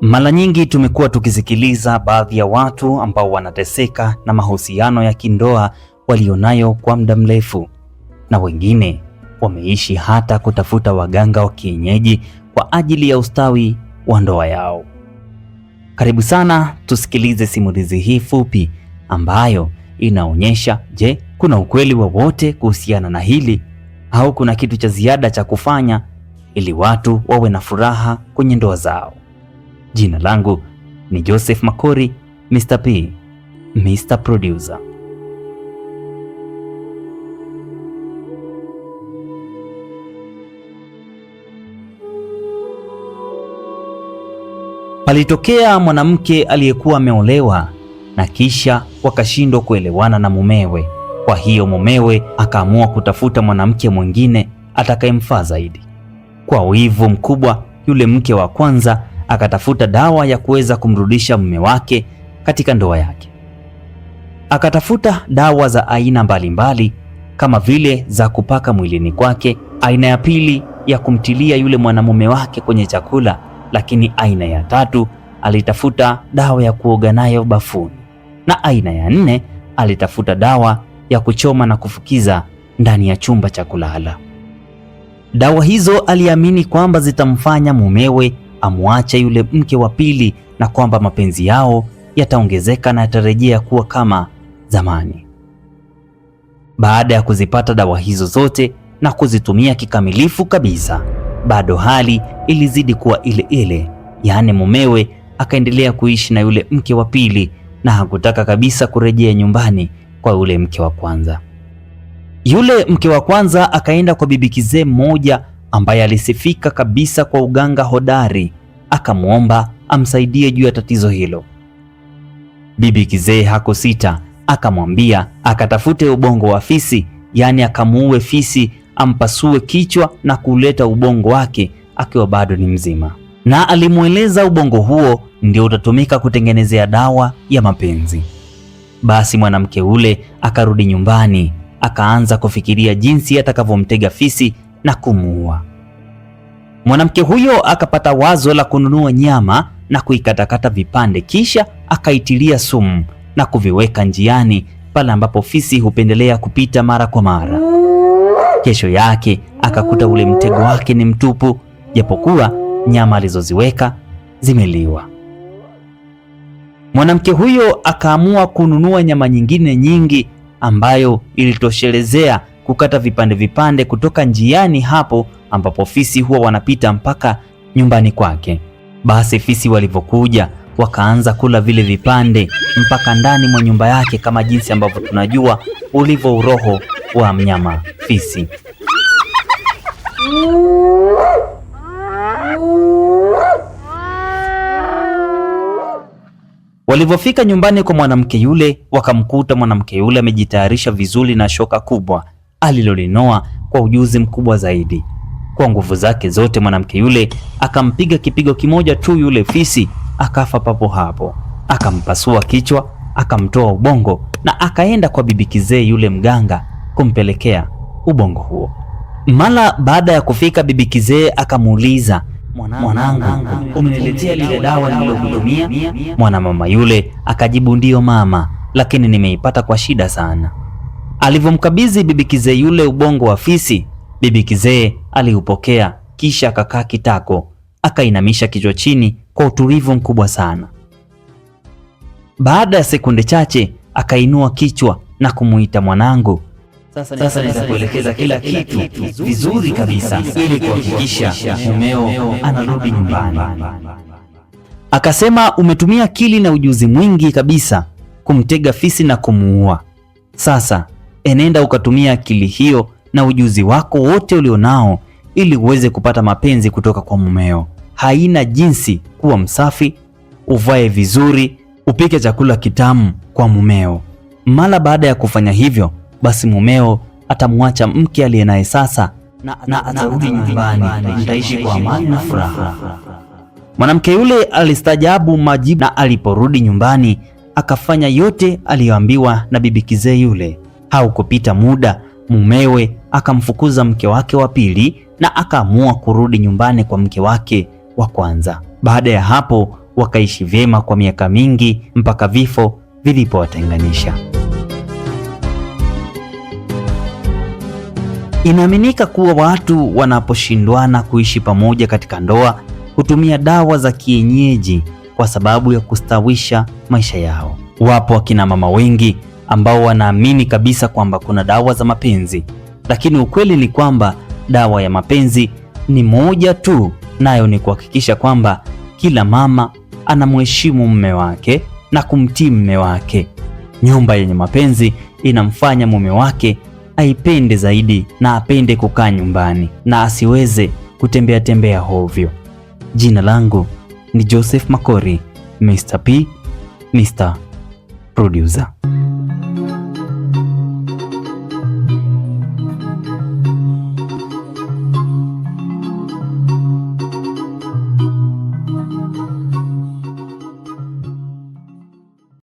Mara nyingi tumekuwa tukisikiliza baadhi ya watu ambao wanateseka na mahusiano ya kindoa walionayo kwa muda mrefu, na wengine wameishi hata kutafuta waganga wa kienyeji kwa ajili ya ustawi wa ndoa yao. Karibu sana, tusikilize simulizi hii fupi ambayo inaonyesha, je, kuna ukweli wowote kuhusiana na hili au kuna kitu cha ziada cha kufanya ili watu wawe na furaha kwenye ndoa zao? Jina langu ni Joseph Makori, Mr. P, Mr. Producer. Palitokea mwanamke aliyekuwa ameolewa na kisha wakashindwa kuelewana na mumewe. Kwa hiyo mumewe akaamua kutafuta mwanamke mwingine atakayemfaa zaidi. Kwa wivu mkubwa, yule mke wa kwanza akatafuta dawa ya kuweza kumrudisha mume wake katika ndoa yake. Akatafuta dawa za aina mbalimbali kama vile za kupaka mwilini kwake, aina ya pili ya kumtilia yule mwanamume wake kwenye chakula, lakini aina ya tatu alitafuta dawa ya kuoga nayo bafuni, na aina ya nne alitafuta dawa ya kuchoma na kufukiza ndani ya chumba cha kulala. Dawa hizo aliamini kwamba zitamfanya mumewe amwache yule mke wa pili na kwamba mapenzi yao yataongezeka na yatarejea kuwa kama zamani. Baada ya kuzipata dawa hizo zote na kuzitumia kikamilifu kabisa, bado hali ilizidi kuwa ile ile, yaani mumewe akaendelea kuishi na yule mke wa pili na hakutaka kabisa kurejea nyumbani kwa yule mke wa kwanza. Yule mke wa kwanza akaenda kwa bibi kizee mmoja ambaye alisifika kabisa kwa uganga hodari, akamwomba amsaidie juu ya tatizo hilo. Bibi Kizee hakusita, akamwambia akatafute ubongo wa fisi, yaani akamuue fisi, ampasue kichwa na kuleta ubongo wake akiwa bado ni mzima, na alimweleza ubongo huo ndio utatumika kutengenezea dawa ya mapenzi. Basi mwanamke ule akarudi nyumbani, akaanza kufikiria jinsi atakavyomtega fisi na kumuua. Mwanamke huyo akapata wazo la kununua nyama na kuikatakata vipande, kisha akaitilia sumu na kuviweka njiani pale ambapo fisi hupendelea kupita mara kwa mara. Kesho yake akakuta ule mtego wake ni mtupu, japokuwa nyama alizoziweka zimeliwa. Mwanamke huyo akaamua kununua nyama nyingine nyingi ambayo ilitoshelezea kukata vipande vipande kutoka njiani hapo ambapo fisi huwa wanapita mpaka nyumbani kwake. Basi fisi walivyokuja wakaanza kula vile vipande mpaka ndani mwa nyumba yake, kama jinsi ambavyo tunajua ulivyo uroho wa mnyama fisi. Walivyofika nyumbani kwa mwanamke yule, wakamkuta mwanamke yule amejitayarisha vizuri na shoka kubwa alilolinoa kwa ujuzi mkubwa zaidi. Kwa nguvu zake zote, mwanamke yule akampiga kipigo kimoja tu, yule fisi akafa papo hapo. Akampasua kichwa, akamtoa ubongo na akaenda kwa bibi kizee yule mganga kumpelekea ubongo huo. Mara baada ya kufika, bibi kizee akamuuliza, mwanangu, umeniletea lile dawa nililokutumia? Mwanamama yule akajibu, ndiyo mama, lakini nimeipata kwa shida sana. Alivyomkabidhi bibi kizee yule ubongo wa fisi, bibi kizee aliupokea kisha akakaa kitako, akainamisha kichwa chini kwa utulivu mkubwa sana. Baada ya sekunde chache akainua kichwa na kumuita mwanangu, sasa, sasa nitakuelekeza kila kitu vizuri kabisa ili kuhakikisha mumeo anarudi nyumbani. Akasema umetumia akili na ujuzi mwingi kabisa kumtega fisi na kumuua. Sasa enenda ukatumia akili hiyo na ujuzi wako wote ulionao ili uweze kupata mapenzi kutoka kwa mumeo. Haina jinsi kuwa msafi, uvae vizuri, upike chakula kitamu kwa mumeo. Mara baada ya kufanya hivyo, basi mumeo atamwacha mke aliye naye sasa na, na atarudi nyumbani, mtaishi kwa amani na furaha. Mwanamke yule alistajabu majibu, na aliporudi nyumbani akafanya yote aliyoambiwa na bibi kizee yule. Haukupita muda, mumewe akamfukuza mke wake wa pili na akaamua kurudi nyumbani kwa mke wake wa kwanza. Baada ya hapo wakaishi vyema kwa miaka mingi mpaka vifo vilipowatenganisha. Inaaminika kuwa watu wanaposhindwana kuishi pamoja katika ndoa hutumia dawa za kienyeji kwa sababu ya kustawisha maisha yao. Wapo akina mama wengi ambao wanaamini kabisa kwamba kuna dawa za mapenzi, lakini ukweli ni kwamba dawa ya mapenzi ni moja tu, nayo ni kuhakikisha kwamba kila mama anamheshimu mume wake na kumtii mume wake. Nyumba yenye mapenzi inamfanya mume wake aipende zaidi na apende kukaa nyumbani na asiweze kutembea tembea hovyo. Jina langu ni Joseph Makori, Mr P, Mr Producer.